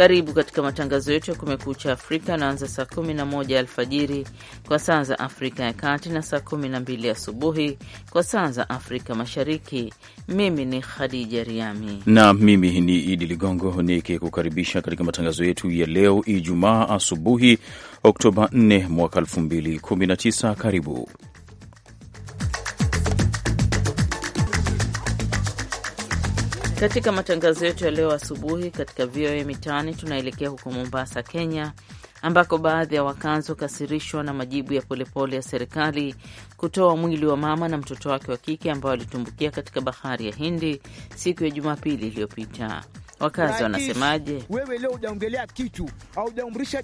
Karibu katika matangazo yetu ya Kumekucha Afrika anaanza saa 11 alfajiri kwa saa za Afrika ya Kati na saa 12 asubuhi kwa saa za Afrika Mashariki. Mimi ni Khadija Riami na mimi ni Idi Ligongo nikikukaribisha katika matangazo yetu ya leo Ijumaa asubuhi, Oktoba 4 mwaka 2019. Karibu Katika matangazo yetu ya leo asubuhi katika VOA Mitaani, tunaelekea huko Mombasa, Kenya, ambako baadhi ya wakazi wakasirishwa na majibu ya polepole ya serikali kutoa mwili wa mama na mtoto wake wa kike ambao alitumbukia katika bahari ya Hindi siku ya Jumapili iliyopita. Wakazi wanasemaje? Wewe leo ujaongelea kitu au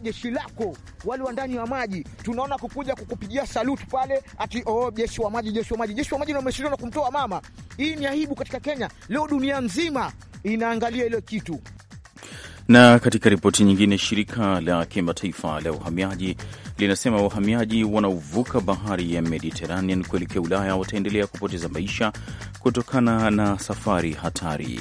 jeshi lako, wale wa ndani wa maji, tunaona kukuja kukupigia salutu pale ati oh, jeshi wa maji, jeshi wa maji, jeshi wa maji, na na kumtoa mama. Hii ni aibu katika Kenya leo, dunia nzima inaangalia ile kitu. Na katika ripoti nyingine, shirika la kimataifa la uhamiaji linasema wahamiaji wanaovuka bahari ya Mediterranean kuelekea Ulaya wataendelea kupoteza maisha kutokana na safari hatari.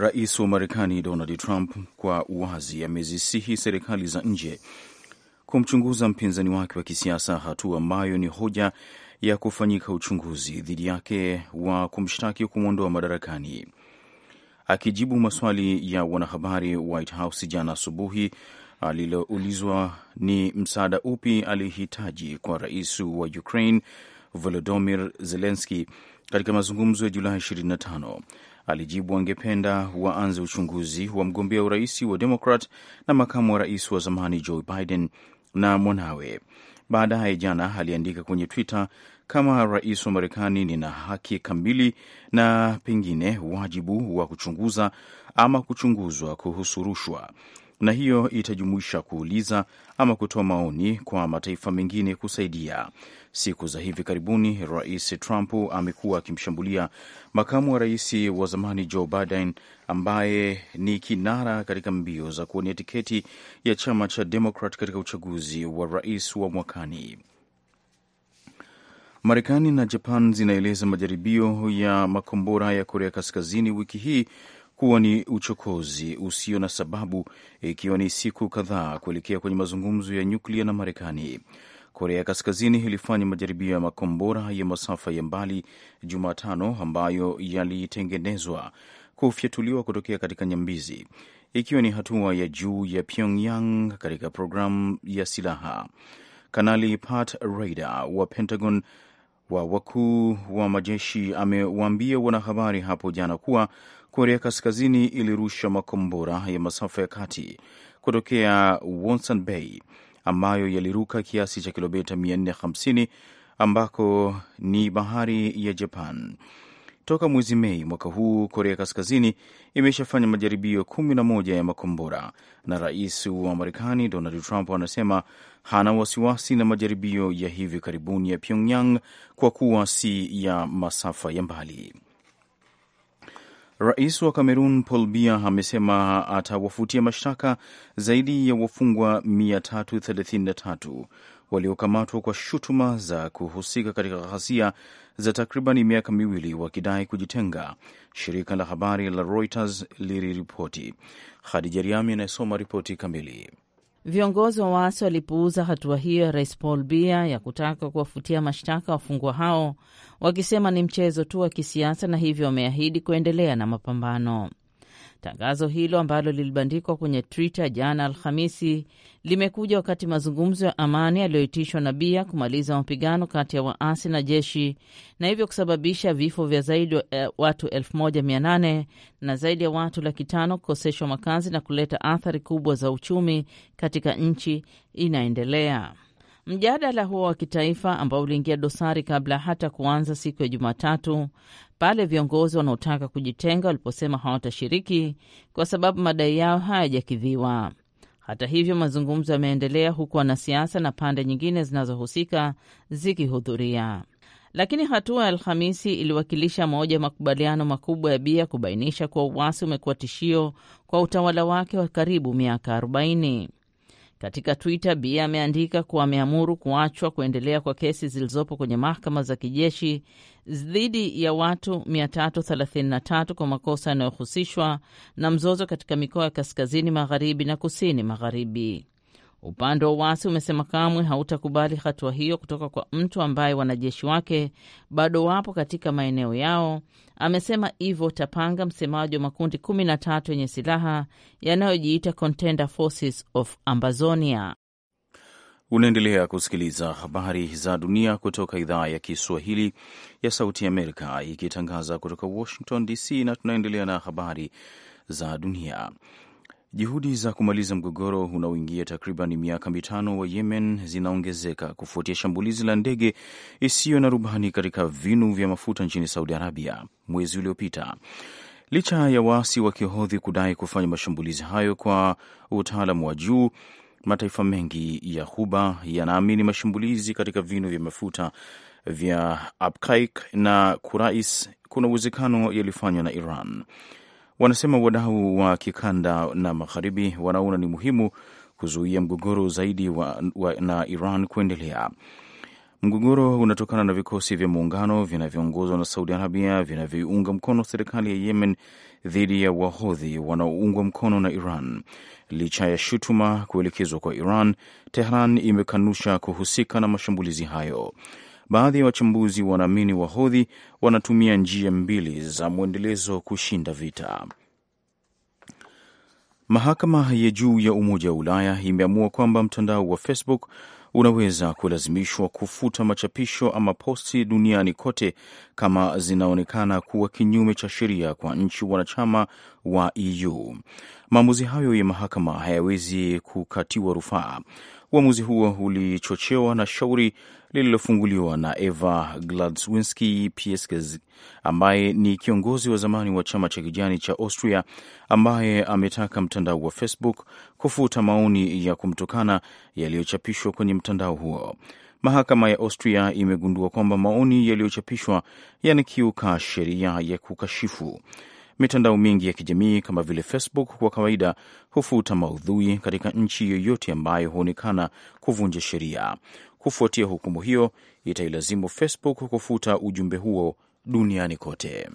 Rais wa Marekani Donald Trump kwa uwazi amezisihi serikali za nje kumchunguza mpinzani wake wa kisiasa, hatua ambayo ni hoja ya kufanyika uchunguzi dhidi yake wa kumshtaki kumwondoa madarakani. Akijibu maswali ya wanahabari White House jana asubuhi aliloulizwa ni msaada upi alihitaji kwa rais wa Ukraine Volodymyr Zelensky katika mazungumzo ya Julai 25 alijibu angependa waanze uchunguzi wa mgombea urais wa Demokrat na makamu wa rais wa zamani Joe Biden na mwanawe. Baadaye jana aliandika kwenye Twitter, kama rais wa Marekani nina haki kamili na pengine wajibu wa kuchunguza ama kuchunguzwa kuhusu rushwa na hiyo itajumuisha kuuliza ama kutoa maoni kwa mataifa mengine kusaidia. Siku za hivi karibuni, Rais Trump amekuwa akimshambulia makamu wa rais wa zamani Joe Biden ambaye ni kinara katika mbio za kuonia tiketi ya chama cha Demokrat katika uchaguzi wa rais wa mwakani. Marekani na Japan zinaeleza majaribio ya makombora ya Korea Kaskazini wiki hii kuwa ni uchokozi usio na sababu, ikiwa ni siku kadhaa kuelekea kwenye mazungumzo ya nyuklia na Marekani. Korea Kaskazini ilifanya majaribio ya makombora ya masafa ya mbali Jumatano ambayo yalitengenezwa kufyatuliwa kutokea katika nyambizi, ikiwa ni hatua ya juu ya Pyongyang katika programu ya silaha. Kanali Pat Ryder wa Pentagon wa wakuu wa majeshi amewaambia wanahabari hapo jana kuwa Korea Kaskazini ilirusha makombora ya masafa ya kati kutokea Wonsan Bay ambayo yaliruka kiasi cha kilomita 450 ambako ni bahari ya Japan. Toka mwezi Mei mwaka huu, Korea Kaskazini imeshafanya majaribio 11 ya makombora, na rais wa Marekani Donald Trump anasema hana wasiwasi na majaribio ya hivi karibuni ya Pyongyang kwa kuwa si ya masafa ya mbali. Rais wa Kamerun Paul Biya amesema atawafutia mashtaka zaidi ya wafungwa 333 waliokamatwa kwa shutuma za kuhusika katika ghasia za takribani miaka miwili wakidai kujitenga, shirika la habari la Reuters liliripoti. Khadija Riami anayesoma ripoti kamili. Viongozi wa waasi walipuuza hatua hiyo ya Rais Paul Biya ya kutaka kuwafutia mashtaka wafungwa hao, wakisema ni mchezo tu wa kisiasa na hivyo wameahidi kuendelea na mapambano. Tangazo hilo ambalo lilibandikwa kwenye Twitter jana Alhamisi limekuja wakati mazungumzo ya amani yaliyoitishwa na Bia kumaliza mapigano kati ya waasi na jeshi na hivyo kusababisha vifo vya zaidi ya eh, watu 1800 na zaidi ya watu laki tano kukoseshwa makazi na kuleta athari kubwa za uchumi katika nchi inaendelea. Mjadala huo wa kitaifa ambao uliingia dosari kabla hata kuanza siku ya Jumatatu pale viongozi wanaotaka kujitenga waliposema hawatashiriki kwa sababu madai yao hayajakidhiwa. Hata hivyo, mazungumzo yameendelea huku wanasiasa na pande nyingine zinazohusika zikihudhuria. Lakini hatua ya Alhamisi iliwakilisha moja ya makubaliano makubwa ya bia kubainisha kuwa uasi umekuwa tishio kwa utawala wake wa karibu miaka 40. Katika Twitter, b ameandika kuwa ameamuru kuachwa kuendelea kwa kesi zilizopo kwenye mahakama za kijeshi dhidi ya watu 333 kwa makosa yanayohusishwa na mzozo katika mikoa ya kaskazini magharibi na kusini magharibi. Upande wa uasi umesema kamwe hautakubali hatua hiyo kutoka kwa mtu ambaye wanajeshi wake bado wapo katika maeneo yao, amesema Ivo Tapanga, msemaji wa makundi kumi na tatu yenye silaha yanayojiita Contender Forces of Ambazonia. Unaendelea kusikiliza habari za dunia kutoka idhaa ya Kiswahili ya Sauti Amerika ikitangaza kutoka Washington DC, na tunaendelea na habari za dunia. Juhudi za kumaliza mgogoro unaoingia takriban miaka mitano wa Yemen zinaongezeka kufuatia shambulizi la ndege isiyo na rubani katika vinu vya mafuta nchini Saudi Arabia mwezi uliopita. Licha ya waasi wa Kihodhi kudai kufanya mashambulizi hayo kwa utaalamu wa juu, mataifa mengi ya Ghuba yanaamini mashambulizi katika vinu vya mafuta vya Abqaiq na Kurais kuna uwezekano yalifanywa na Iran. Wanasema wadau wa kikanda na magharibi wanaona ni muhimu kuzuia mgogoro zaidi wa, wa, na Iran kuendelea. Mgogoro unatokana na vikosi vya muungano vinavyoongozwa na Saudi Arabia vinavyoiunga mkono serikali ya Yemen dhidi ya wahodhi wanaoungwa mkono na Iran. Licha ya shutuma kuelekezwa kwa Iran, Tehran imekanusha kuhusika na mashambulizi hayo. Baadhi ya wachambuzi wanaamini Wahodhi wanatumia njia mbili za mwendelezo kushinda vita. Mahakama ya juu ya Umoja wa Ulaya imeamua kwamba mtandao wa Facebook unaweza kulazimishwa kufuta machapisho ama posti duniani kote kama zinaonekana kuwa kinyume cha sheria kwa nchi wanachama wa EU. Maamuzi hayo ya mahakama hayawezi kukatiwa rufaa. Uamuzi huo ulichochewa na shauri lililofunguliwa na Eva Gladswinski Pieskes ambaye ni kiongozi wa zamani wa chama cha kijani cha Austria ambaye ametaka mtandao wa Facebook kufuta maoni ya kumtukana yaliyochapishwa kwenye mtandao huo mahakama ya Austria imegundua kwamba maoni yaliyochapishwa yanakiuka sheria ya kukashifu. Mitandao mingi ya kijamii kama vile Facebook kwa kawaida hufuta maudhui katika nchi yoyote ambayo huonekana kuvunja sheria. Kufuatia hukumu hiyo, itailazimu Facebook kufuta ujumbe huo duniani kote.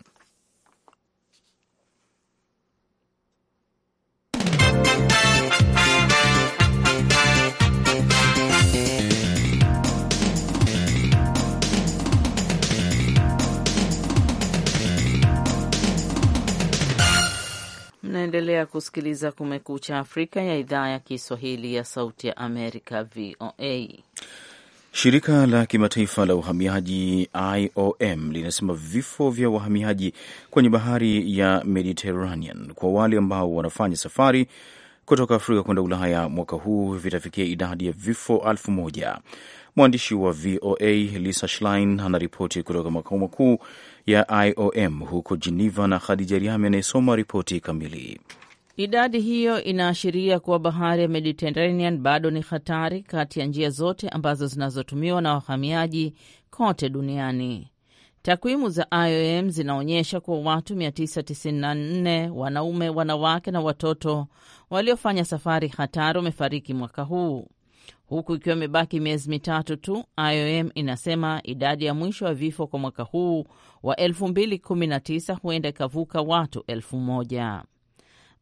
Mnaendelea kusikiliza Kumekucha Afrika ya idhaa ya Kiswahili ya Sauti ya Amerika, VOA. Shirika la kimataifa la uhamiaji IOM linasema vifo vya wahamiaji kwenye bahari ya Mediterranean kwa wale ambao wanafanya safari kutoka Afrika kwenda Ulaya mwaka huu vitafikia idadi ya vifo elfu moja. Mwandishi wa VOA Lisa Schlein anaripoti kutoka makao makuu ya IOM huko Geneva, na Khadija Riami anayesoma ripoti kamili. Idadi hiyo inaashiria kuwa bahari ya Mediterranean bado ni hatari kati ya njia zote ambazo zinazotumiwa na wahamiaji kote duniani. Takwimu za IOM zinaonyesha kuwa watu 994 wanaume, wanawake na watoto waliofanya safari hatari wamefariki mwaka huu huku ikiwa imebaki miezi mitatu tu. IOM inasema idadi ya mwisho ya vifo kwa mwaka huu wa 2019 huenda ikavuka watu elfu moja.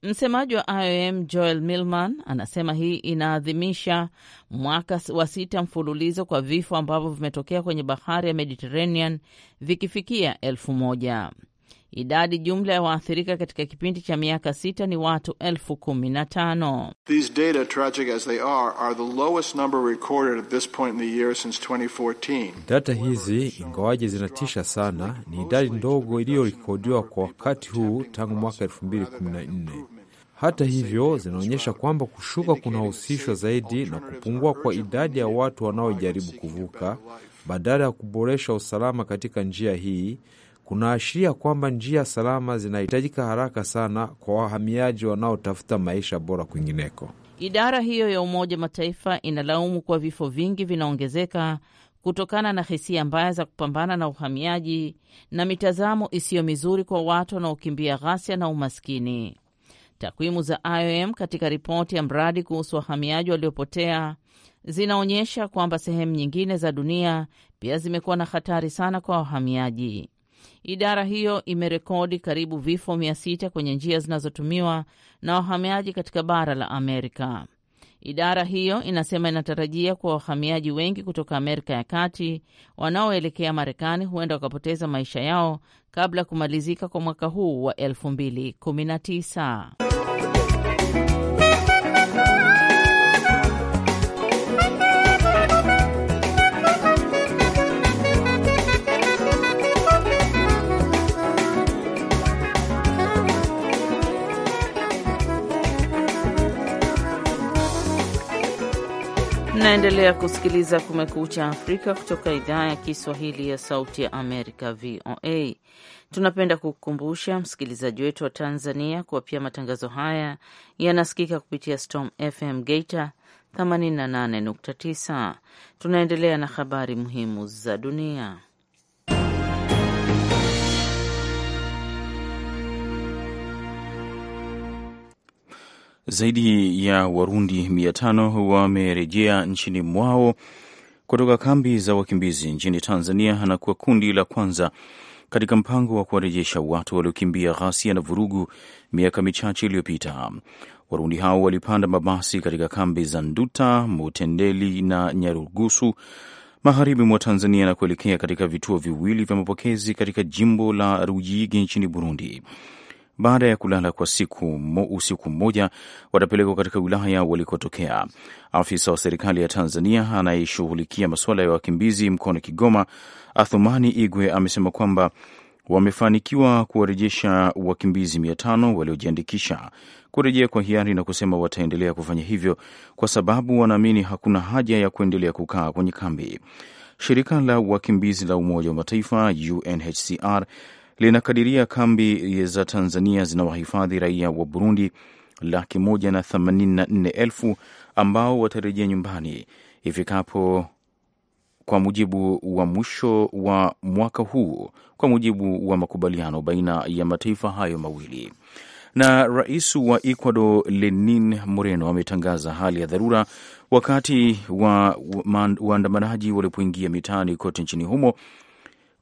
Msemaji wa IOM Joel Milman anasema hii inaadhimisha mwaka wa sita mfululizo kwa vifo ambavyo vimetokea kwenye bahari ya Mediterranean vikifikia elfu moja. Idadi jumla ya waathirika katika kipindi cha miaka sita ni watu elfu kumi na tano. Data hizi ingawaje zinatisha sana, ni idadi ndogo iliyorekodiwa kwa wakati huu tangu mwaka 2014. Hata hivyo, zinaonyesha kwamba kushuka kunahusishwa zaidi na kupungua kwa idadi ya watu wanaojaribu kuvuka badala ya kuboresha usalama katika njia hii kunaashiria kwamba njia salama zinahitajika haraka sana kwa wahamiaji wanaotafuta maisha bora kwingineko. Idara hiyo ya Umoja Mataifa inalaumu kuwa vifo vingi vinaongezeka kutokana na hisia mbaya za kupambana na uhamiaji na mitazamo isiyo mizuri kwa watu wanaokimbia ghasia na umaskini. Takwimu za IOM katika ripoti ya mradi kuhusu wahamiaji waliopotea zinaonyesha kwamba sehemu nyingine za dunia pia zimekuwa na hatari sana kwa wahamiaji. Idara hiyo imerekodi karibu vifo mia sita kwenye njia zinazotumiwa na wahamiaji katika bara la Amerika. Idara hiyo inasema inatarajia kuwa wahamiaji wengi kutoka Amerika ya Kati wanaoelekea Marekani huenda wakapoteza maisha yao kabla ya kumalizika kwa mwaka huu wa 2019. Mnaendelea kusikiliza Kumekucha Afrika kutoka idhaa ya Kiswahili ya Sauti ya Amerika, VOA. Tunapenda kukukumbusha msikilizaji wetu wa Tanzania kuwa pia matangazo haya yanasikika kupitia Storm FM Geita 88.9. Tunaendelea na habari muhimu za dunia. Zaidi ya Warundi mia tano wamerejea nchini mwao kutoka kambi za wakimbizi nchini Tanzania na kuwa kundi la kwanza katika mpango wa kuwarejesha watu waliokimbia ghasia na vurugu miaka michache iliyopita. Warundi hao walipanda mabasi katika kambi za Nduta, Mutendeli na Nyarugusu magharibi mwa Tanzania na kuelekea katika vituo viwili vya mapokezi katika jimbo la rujiigi nchini Burundi baada ya kulala kwa siku mo, usiku mmoja watapelekwa katika wilaya walikotokea. Afisa wa serikali ya Tanzania anayeshughulikia masuala ya wakimbizi mkoani Kigoma, Athumani Igwe, amesema kwamba wamefanikiwa kuwarejesha wakimbizi mia tano waliojiandikisha kurejea kwa hiari na kusema wataendelea kufanya hivyo kwa sababu wanaamini hakuna haja ya kuendelea kukaa kwenye kambi. Shirika la wakimbizi la Umoja wa Mataifa UNHCR linakadiria kambi za Tanzania zinawahifadhi raia wa Burundi laki moja na themanini na nne elfu ambao watarejea nyumbani ifikapo kwa mujibu wa mwisho wa mwaka huu, kwa mujibu wa makubaliano baina ya mataifa hayo mawili. Na rais wa Ecuador Lenin Moreno ametangaza hali ya dharura wakati wa waandamanaji walipoingia mitaani kote nchini humo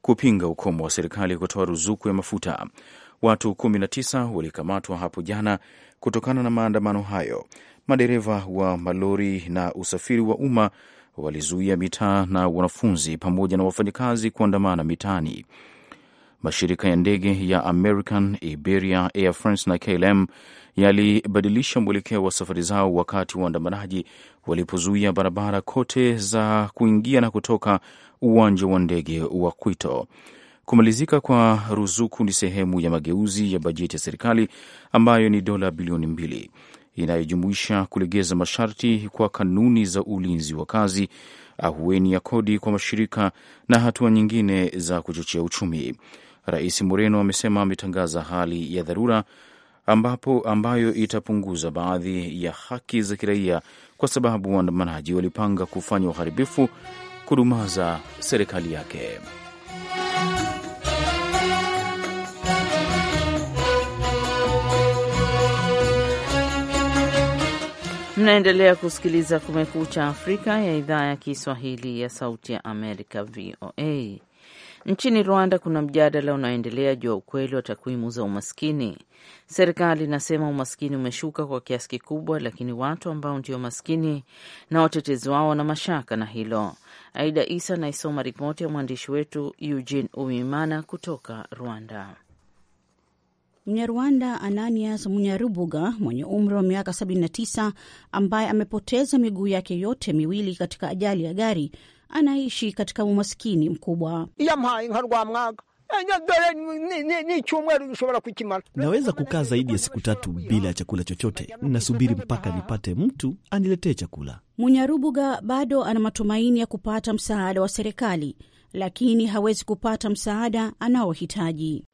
kupinga ukomo wa serikali kutoa ruzuku ya mafuta. Watu 19 walikamatwa hapo jana kutokana na maandamano hayo. Madereva wa malori na usafiri wa umma walizuia mitaa na wanafunzi pamoja na wafanyakazi kuandamana mitaani. Mashirika ya ndege ya American, Iberia, Air France na KLM yalibadilisha mwelekeo wa safari zao wakati waandamanaji walipozuia barabara kote za kuingia na kutoka uwanja wa ndege wa Kwito. Kumalizika kwa ruzuku ni sehemu ya mageuzi ya bajeti ya serikali ambayo ni dola bilioni mbili inayojumuisha kulegeza masharti kwa kanuni za ulinzi wa kazi, ahueni ya kodi kwa mashirika na hatua nyingine za kuchochea uchumi. Rais Moreno amesema ametangaza hali ya dharura ambapo ambayo itapunguza baadhi ya haki za kiraia kwa sababu waandamanaji walipanga kufanya uharibifu kudumaza serikali yake. Mnaendelea kusikiliza Kumekucha Afrika ya idhaa ya Kiswahili ya Sauti ya Amerika, VOA. Nchini Rwanda kuna mjadala unaoendelea juu ya ukweli wa takwimu za umaskini. Serikali inasema umaskini umeshuka kwa kiasi kikubwa, lakini watu ambao ndio maskini na watetezi wao wana mashaka na hilo. Aida Isa anaisoma ripoti ya mwandishi wetu Eugene Uimana kutoka Rwanda. Mnyarwanda Ananias Munyarubuga mwenye umri wa miaka 79 ambaye amepoteza miguu yake yote miwili katika ajali ya gari anaishi katika umaskini mkubwa. Eh, Naweza kukaa zaidi ya siku tatu bila ya chakula chochote, nasubiri mpaka nipate mtu aniletee chakula. Munyarubuga bado ana matumaini ya kupata msaada wa serikali, lakini hawezi kupata msaada anaohitaji.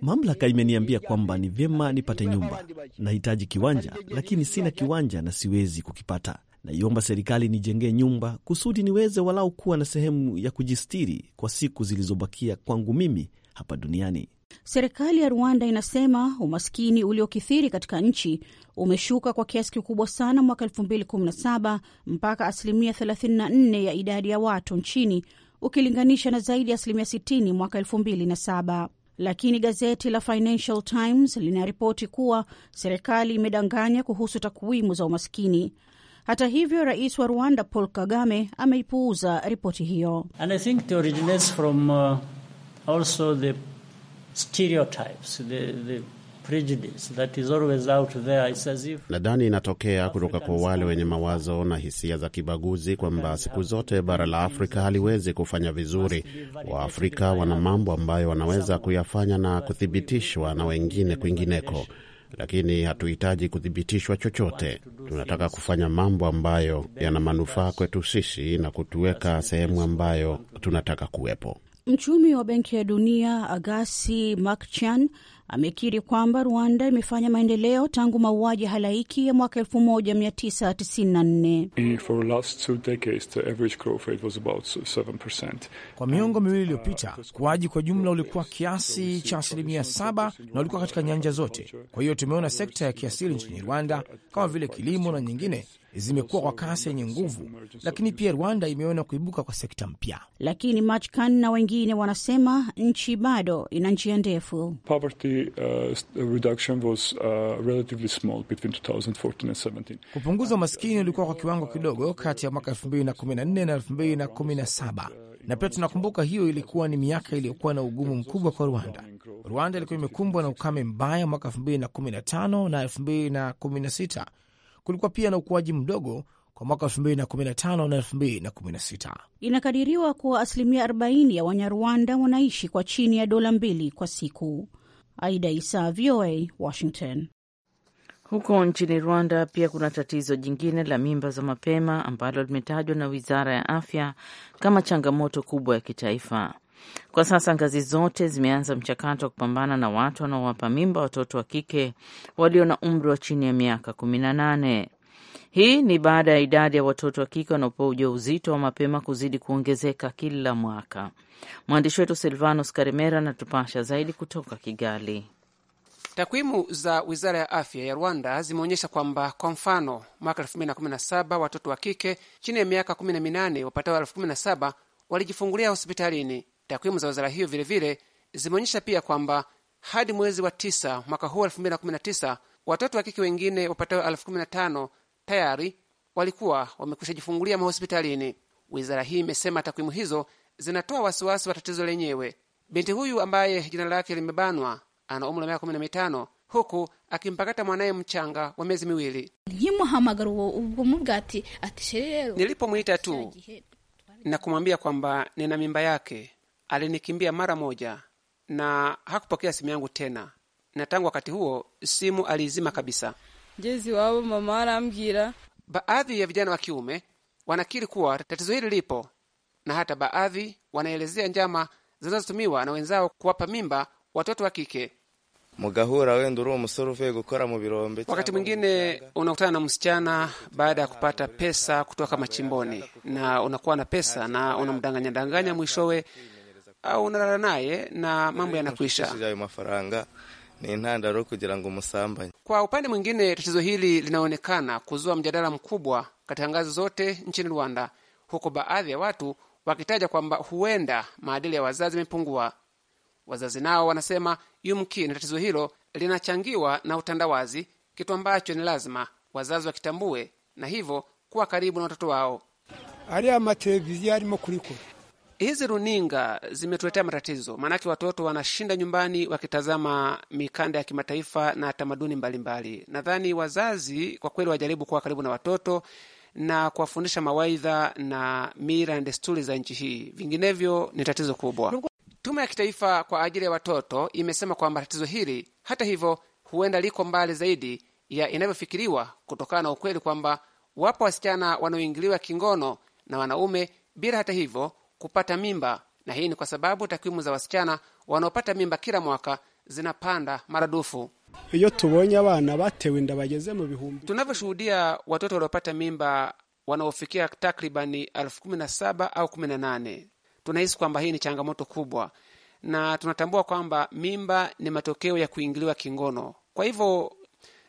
Mamlaka imeniambia kwamba ni vyema nipate nyumba. Nahitaji kiwanja, lakini sina kiwanja na siwezi kukipata. Naiomba serikali nijengee nyumba kusudi niweze walau kuwa na sehemu ya kujistiri kwa siku zilizobakia kwangu mimi hapa duniani. Serikali ya Rwanda inasema umaskini uliokithiri katika nchi umeshuka kwa kiasi kikubwa sana mwaka 2017 mpaka asilimia 34 ya idadi ya watu nchini ukilinganisha na zaidi ya asilimia 60 mwaka 2007. Lakini gazeti la Financial Times linaripoti kuwa serikali imedanganya kuhusu takwimu za umaskini. Hata hivyo, rais wa Rwanda Paul Kagame ameipuuza ripoti hiyo. And I think it from uh, also the stereotypes, the, the nadhani inatokea kutoka kwa wale wenye mawazo na hisia za kibaguzi kwamba siku zote bara la Afrika haliwezi kufanya vizuri. Waafrika wana mambo ambayo wanaweza kuyafanya na kuthibitishwa na wengine kwingineko lakini hatuhitaji kuthibitishwa chochote. Tunataka kufanya mambo ambayo yana manufaa kwetu sisi na kutuweka sehemu ambayo tunataka kuwepo. Mchumi wa Benki ya Dunia Agasi Makchan amekiri kwamba Rwanda imefanya maendeleo tangu mauaji halaiki ya mwaka 1994. Kwa miongo miwili iliyopita, ukuaji kwa jumla ulikuwa kiasi cha asilimia saba na ulikuwa katika nyanja zote. Kwa hiyo tumeona sekta ya kiasili nchini Rwanda kama vile kilimo na nyingine zimekuwa kwa kasi yenye nguvu, lakini pia Rwanda imeona kuibuka kwa sekta mpya. Lakini Machkan na wengine wanasema nchi bado ina njia ndefu. Uh, uh, Kupunguza umaskini ulikuwa kwa kiwango kidogo kati ya mwaka 2014 na 2017 na pia tunakumbuka hiyo ilikuwa ni miaka iliyokuwa na ugumu mkubwa kwa Rwanda. Rwanda ilikuwa imekumbwa na ukame mbaya mwaka 2015 na 2016 kulikuwa pia na ukuaji mdogo kwa mwaka 2015 na 2016. Inakadiriwa kuwa asilimia 40 ya Wanyarwanda wanaishi kwa chini ya dola mbili kwa siku. Aida Isa, VOA, Washington. Huko nchini Rwanda pia kuna tatizo jingine la mimba za mapema ambalo limetajwa na wizara ya afya kama changamoto kubwa ya kitaifa. Kwa sasa ngazi zote zimeanza mchakato wa kupambana na watu wanaowapa mimba watoto wa kike walio na umri wa chini ya miaka kumi na nane. Hii ni baada ya idadi ya watoto wa kike wanaopewa uzito wa mapema kuzidi kuongezeka kila mwaka. Mwandishi wetu Silvanos Karemera anatupasha zaidi kutoka Kigali. Takwimu za wizara ya afya ya Rwanda zimeonyesha kwamba kwa mfano, mwaka 2017 watoto wa kike chini ya miaka 18 wapatao 17,000 walijifungulia hospitalini Takwimu za wizara hiyo vilevile zimeonyesha pia kwamba hadi mwezi wa tisa mwaka huu 219 watoto wa kike wengine wapatao elfu 15 tayari walikuwa wamekwisha jifungulia mahospitalini. Wizara hii imesema takwimu hizo zinatoa wasiwasi wa tatizo lenyewe. Binti huyu ambaye jina lake limebanwa ana umri wa miaka 15 huku akimpakata mwanaye mchanga wa miezi miwili. Nilipomwita tu na kumwambia kwamba nina mimba yake, alinikimbia mara moja na hakupokea simu yangu tena, na tangu wakati huo simu aliizima kabisa. Jezi wao mama arambwira. Baadhi ya vijana wa kiume wanakiri kuwa tatizo hili lipo, na hata baadhi wanaelezea njama zinazotumiwa na wenzao kuwapa mimba watoto wa kike. Mugahura wenda uri umusore uvuye gukora mu birombe. Wakati mwingine unakutana na msichana baada ya kupata pesa kutoka machimboni, na unakuwa na pesa na unamdanganyadanganya, mwishowe au unalala naye na mambo yanakwisha. Kwa upande mwingine, tatizo hili linaonekana kuzua mjadala mkubwa katika ngazi zote nchini Rwanda, huku baadhi ya watu wakitaja kwamba huenda maadili ya wazazi yamepungua. Wazazi nao wanasema yumkini tatizo hilo linachangiwa na utandawazi, kitu ambacho ni lazima wazazi wakitambue na hivyo kuwa karibu na watoto wao hizi runinga zimetuletea matatizo, maanake watoto wanashinda nyumbani wakitazama mikanda ya kimataifa na tamaduni mbalimbali. Nadhani wazazi kwa kweli wajaribu kuwa karibu na watoto na kuwafundisha mawaidha na mila na desturi za nchi hii, vinginevyo ni tatizo kubwa. Tume ya Kitaifa kwa ajili ya Watoto imesema kwamba tatizo hili hata hivyo huenda liko mbali zaidi ya inavyofikiriwa kutokana na ukweli kwamba wapo wasichana wanaoingiliwa kingono na wanaume bila hata hivyo kupata mimba, na hii ni kwa sababu takwimu za wasichana wanaopata mimba kila mwaka zinapanda maradufu. iyo tubonye abana batewe inda bageze mu bihumbi, tunavyoshuhudia watoto waliopata mimba wanaofikia takribani elfu kumi na saba au kumi na nane. Tunahisi kwamba hii ni changamoto kubwa, na tunatambua kwamba mimba ni matokeo ya kuingiliwa kingono. Kwa hivyo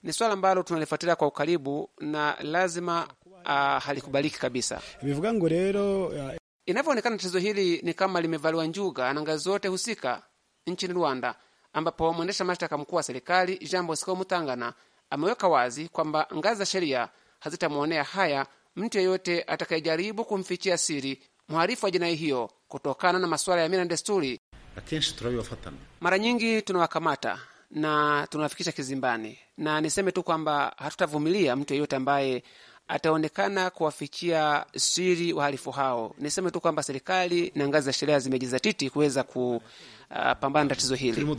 ni swala ambalo tunalifuatilia kwa ukaribu na lazima uh, halikubaliki kabisa. Inavyoonekana, tatizo hili ni kama limevaliwa njuga na ngazi zote husika nchini Rwanda, ambapo mwendesha mashtaka mkuu wa serikali Jean Bosco Mutangana ameweka wazi kwamba ngazi za sheria hazitamwonea haya mtu yeyote atakayejaribu kumfichia siri mhalifu wa jinai hiyo kutokana na masuala ya mila na desturi. Mara nyingi tunawakamata na tunawafikisha kizimbani, na niseme tu kwamba hatutavumilia mtu yeyote ambaye ataonekana kuwafichia siri wahalifu hao. Niseme tu kwamba serikali na ngazi za sheria zimejizatiti kuweza kupambana na tatizo hili.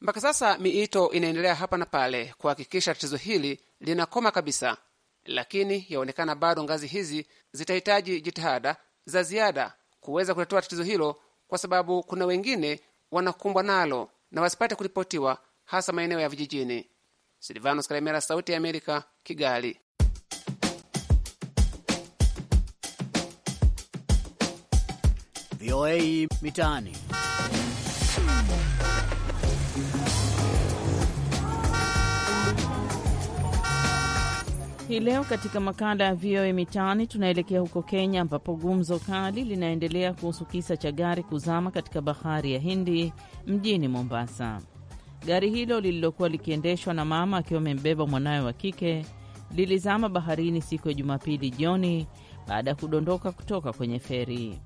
Mpaka sasa miito inaendelea hapa na pale kuhakikisha tatizo hili linakoma kabisa, lakini yaonekana bado ngazi hizi zitahitaji jitihada za ziada kuweza kutatua tatizo hilo, kwa sababu kuna wengine wanakumbwa nalo na wasipate kuripotiwa, hasa maeneo ya vijijini. Silvanos Kalemera, Sauti ya Amerika, Kigali. VOA Mitaani. Hii leo katika makala ya VOA Mitaani tunaelekea huko Kenya, ambapo gumzo kali linaendelea kuhusu kisa cha gari kuzama katika bahari ya Hindi mjini Mombasa. Gari hilo lililokuwa likiendeshwa na mama akiwa amembeba mwanawe wa kike lilizama baharini siku ya Jumapili jioni baada ya kudondoka kutoka kwenye feri.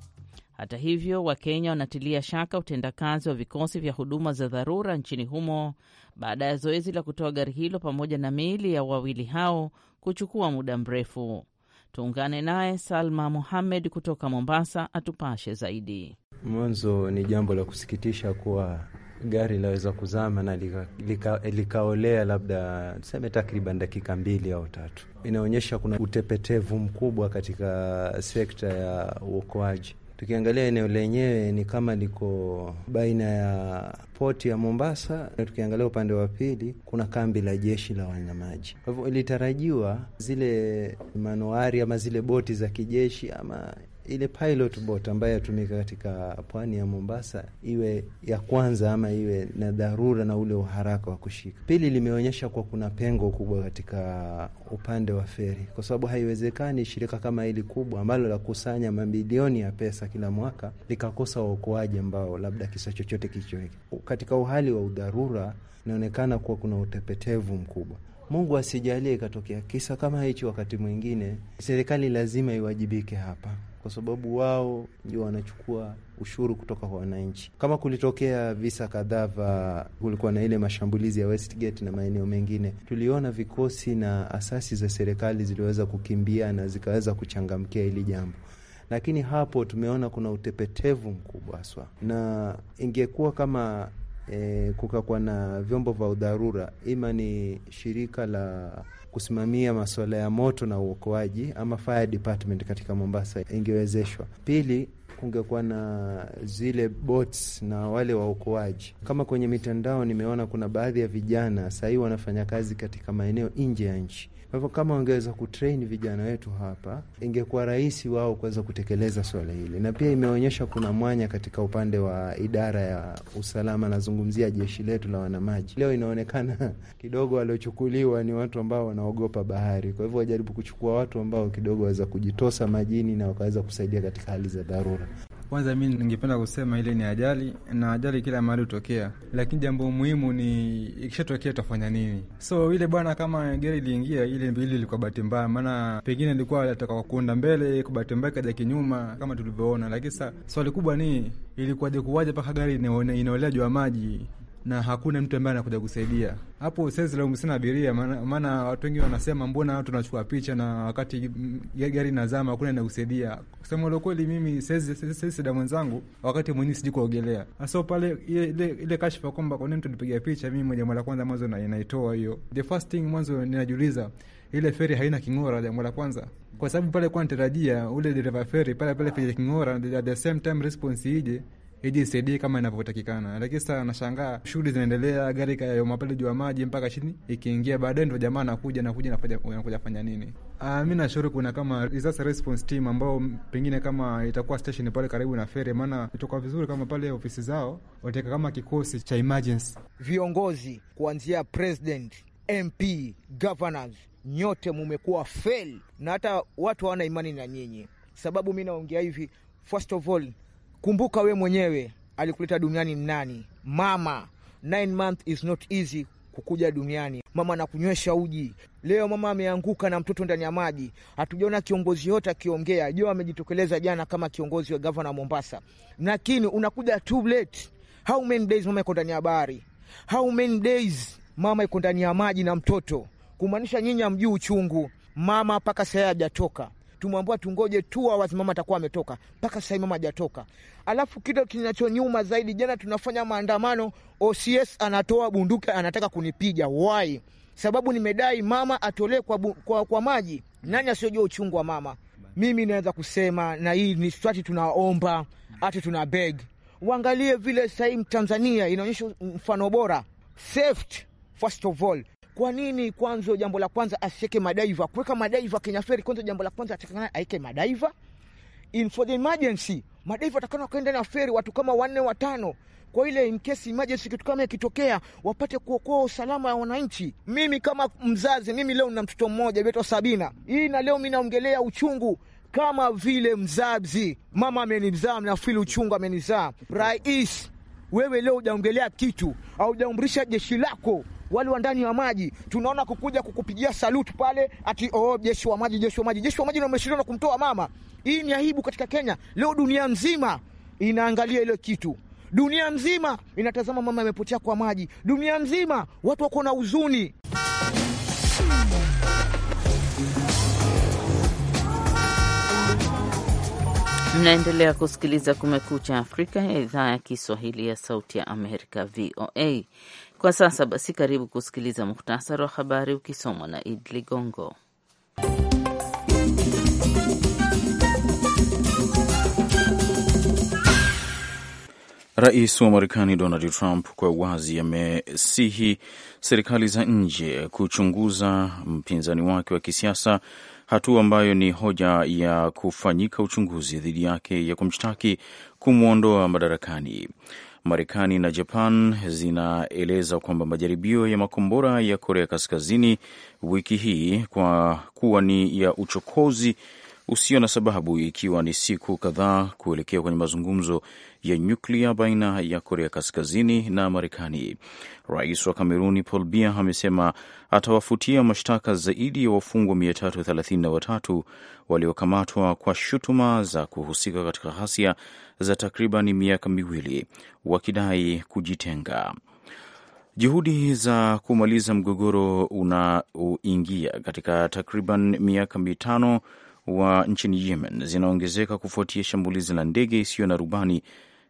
Hata hivyo, Wakenya wanatilia shaka utendakazi wa vikosi vya huduma za dharura nchini humo baada ya zoezi la kutoa gari hilo pamoja na miili ya wawili hao kuchukua muda mrefu. Tuungane naye Salma Muhamed kutoka Mombasa atupashe zaidi. Mwanzo ni jambo la kusikitisha kuwa gari linaweza kuzama na likaolea lika, lika labda tuseme takriban dakika mbili au tatu. Inaonyesha kuna utepetevu mkubwa katika sekta ya uokoaji. Tukiangalia eneo lenyewe ni kama liko baina ya poti ya Mombasa, na tukiangalia upande wa pili kuna kambi la jeshi la wanyamaji. Kwa hivyo ilitarajiwa zile manoari ama zile boti za kijeshi ama ile pilot boat ambayo yatumika katika pwani ya Mombasa iwe ya kwanza ama iwe na dharura na ule uharaka wa kushika. Pili, limeonyesha kuwa kuna pengo kubwa katika upande wa feri, kwa sababu haiwezekani shirika kama hili kubwa ambalo la kusanya mabilioni ya pesa kila mwaka likakosa waokoaji ambao labda kisa chochote kichoweke katika uhali wa udharura. Inaonekana kuwa kuna utepetevu mkubwa. Mungu asijalie ikatokea kisa kama hichi wakati mwingine, serikali lazima iwajibike hapa kwa sababu wao ndio wanachukua ushuru kutoka kwa wananchi. Kama kulitokea visa kadhaa va kulikuwa na ile mashambulizi ya Westgate na maeneo mengine, tuliona vikosi na asasi za serikali ziliweza kukimbia na zikaweza kuchangamkia hili jambo lakini hapo tumeona kuna utepetevu mkubwa haswa, na ingekuwa kama e, kukakuwa na vyombo vya udharura, ima ni shirika la kusimamia masuala ya moto na uokoaji ama fire department katika Mombasa ingewezeshwa. Pili, kungekuwa na zile bots na wale waokoaji. Kama kwenye mitandao nimeona kuna baadhi ya vijana sahii wanafanya kazi katika maeneo nje ya nchi kwa hivyo kama wangeweza kutrain vijana wetu hapa, ingekuwa rahisi wao kuweza kutekeleza swala hili, na pia imeonyesha kuna mwanya katika upande wa idara ya usalama, nazungumzia jeshi letu la wanamaji. Leo inaonekana kidogo waliochukuliwa ni watu ambao wanaogopa bahari, kwa hivyo wajaribu kuchukua watu ambao kidogo waweza kujitosa majini na wakaweza kusaidia katika hali za dharura. Kwanza mi ningependa kusema ile ni ajali, na ajali kila mahali hutokea, lakini jambo muhimu ni ikishatokea utafanya nini. So ile bwana, kama gari iliingia ile mbili, ilikuwa bahati mbaya, maana pengine ilikuwa ataka kuenda mbele, kwa bahati mbaya kaja kinyuma kama tulivyoona. Lakini sa swali kubwa ni ilikuwaje, kuwaje mpaka gari inaolea juu ya maji? na hakuna mtu ambaye anakuja kusaidia hapo. Siwezi laumu sana abiria, maana watu wengi wanasema mbona watu wanachukua picha na wakati gari nazama, hakuna anakusaidia. Kusema ule kweli, mimi siwezi da mwenzangu wakati mwenyewe sijui kuogelea, aso ah, pale ile ile kashfa kwamba kwa nini tulipiga picha, mimi moja mara kwanza mwanzo na inaitoa hiyo the first thing mwanzo ninajiuliza ile feri haina king'ora, jambo la kwanza, kwa sababu pale kwa nitarajia ule dereva feri pale pale king'ora, at the same time response ije ije isaidie kama inavyotakikana. Lakini sasa nashangaa shughuli zinaendelea, gari kayoma pale juu ya maji mpaka chini ikiingia, baadaye ndo jamaa anakuja nakuja nakuja fanya nini? Uh, ah, mi nashauri kuna kama disaster response team ambao pengine kama itakuwa station pale karibu na fere, maana itoka vizuri kama pale ofisi zao wateka kama kikosi cha emergency. Viongozi kuanzia president, MP, governors, nyote mumekuwa fail na hata watu hawana imani na nyinyi. Sababu mi naongea hivi, first of all Kumbuka we mwenyewe alikuleta duniani nani? Mama. Nine month is not easy kukuja duniani. Mama anakunywesha uji. Leo mama ameanguka na mtoto ndani ya maji. Hatujaona kiongozi yote akiongea. Jo amejitokeleza jana kama kiongozi wa gavana Mombasa, lakini unakuja too late. How many days mama iko ndani ya bahari? How many days mama iko ndani ya maji na mtoto, kumaanisha nyinyi amjuu uchungu mama mpaka saa hajatoka tumwambia tungoje tu hours mama atakuwa ametoka. Mpaka sasa mama hajatoka. Alafu kitu kinachonyuma zaidi, jana tunafanya maandamano, OCS anatoa bunduki, anataka kunipiga. Why? Sababu nimedai mama atolee kwa, kwa, kwa maji. Nani asiyojua uchungu wa mama? Mimi naweza kusema na hii ni swati, tunaomba hata tuna beg uangalie vile sahii Tanzania inaonyesha mfano bora, safety first of all kwa nini kwanza, jambo la kwanza asiweke madaiva, kuweka madaiva Kenya Feri, Kwanza jambo la kwanza atakana aike madaiva in for the emergency, madaiva atakana wakaenda na feri watu kama wanne watano, kwa ile in case emergency, kitu kama ikitokea, wapate kuokoa usalama wa wananchi. Mimi kama mzazi, mimi leo nina mtoto mmoja betwa Sabina hii, na leo mimi naongelea uchungu kama vile mzazi, mama amenizaa, mnafili uchungu, amenizaa rais wewe leo hujaongelea kitu au jeshi lako wale wa ndani ya maji tunaona kukuja kukupigia saluti pale ati oh, jeshi wa maji, jeshi wa maji, jeshi wa maji, na kumtoa mama. Hii ni aibu katika Kenya. Leo dunia nzima inaangalia ile kitu, dunia nzima inatazama mama amepotea kwa maji, dunia nzima watu wako na huzuni. Mnaendelea kusikiliza Kumekucha Afrika ya idhaa ya Kiswahili ya Sauti ya Amerika, VOA. Kwa sasa basi, karibu kusikiliza muhtasari wa habari ukisomwa na id Ligongo. Rais wa Marekani Donald Trump kwa wazi amesihi serikali za nje kuchunguza mpinzani wake wa kisiasa hatua ambayo ni hoja ya kufanyika uchunguzi dhidi yake ya kumshtaki kumwondoa madarakani. Marekani na Japan zinaeleza kwamba majaribio ya makombora ya Korea Kaskazini wiki hii kwa kuwa ni ya uchokozi usio na sababu, ikiwa ni siku kadhaa kuelekea kwenye mazungumzo ya nyuklia baina ya Korea Kaskazini na Marekani. Rais wa Kameruni Paul Biya amesema atawafutia mashtaka zaidi ya wafungwa 333 waliokamatwa kwa shutuma za kuhusika katika ghasia za takriban miaka miwili wakidai kujitenga. Juhudi za kumaliza mgogoro unaoingia katika takriban miaka mitano wa nchini Yemen zinaongezeka kufuatia shambulizi la ndege isiyo na rubani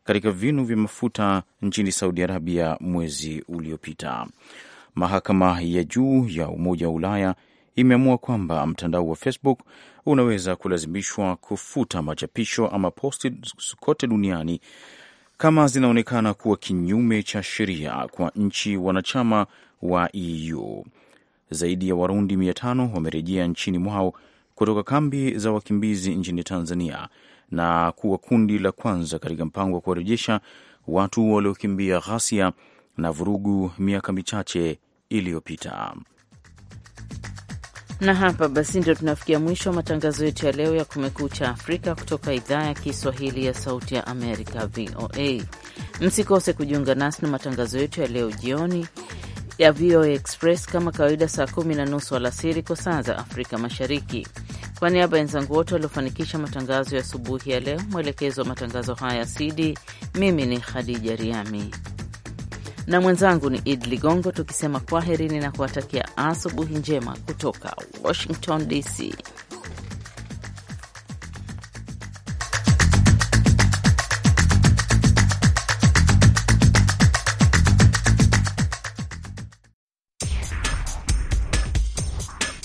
katika vinu vya mafuta nchini Saudi Arabia mwezi uliopita. Mahakama ya juu ya Umoja wa Ulaya imeamua kwamba mtandao wa Facebook unaweza kulazimishwa kufuta machapisho ama posti kote duniani kama zinaonekana kuwa kinyume cha sheria kwa nchi wanachama wa EU. Zaidi ya Warundi mia tano wamerejea nchini mwao kutoka kambi za wakimbizi nchini Tanzania na kuwa kundi la kwanza katika mpango wa kuwarejesha watu waliokimbia ghasia na vurugu miaka michache iliyopita. Na hapa basi ndio tunafikia mwisho wa matangazo yetu ya leo ya Kumekucha Afrika kutoka idhaa ya Kiswahili ya Sauti ya Amerika, VOA. Msikose kujiunga nasi na matangazo yetu ya leo jioni ya VOA Express kama kawaida, saa kumi na nusu alasiri kwa saa za Afrika Mashariki. Kwa niaba ya wenzangu wote waliofanikisha matangazo ya asubuhi ya leo, mwelekezo wa matangazo haya CD, mimi ni Khadija Riami na mwenzangu ni Id Ligongo, tukisema kwaherini na kuwatakia asubuhi njema kutoka Washington DC.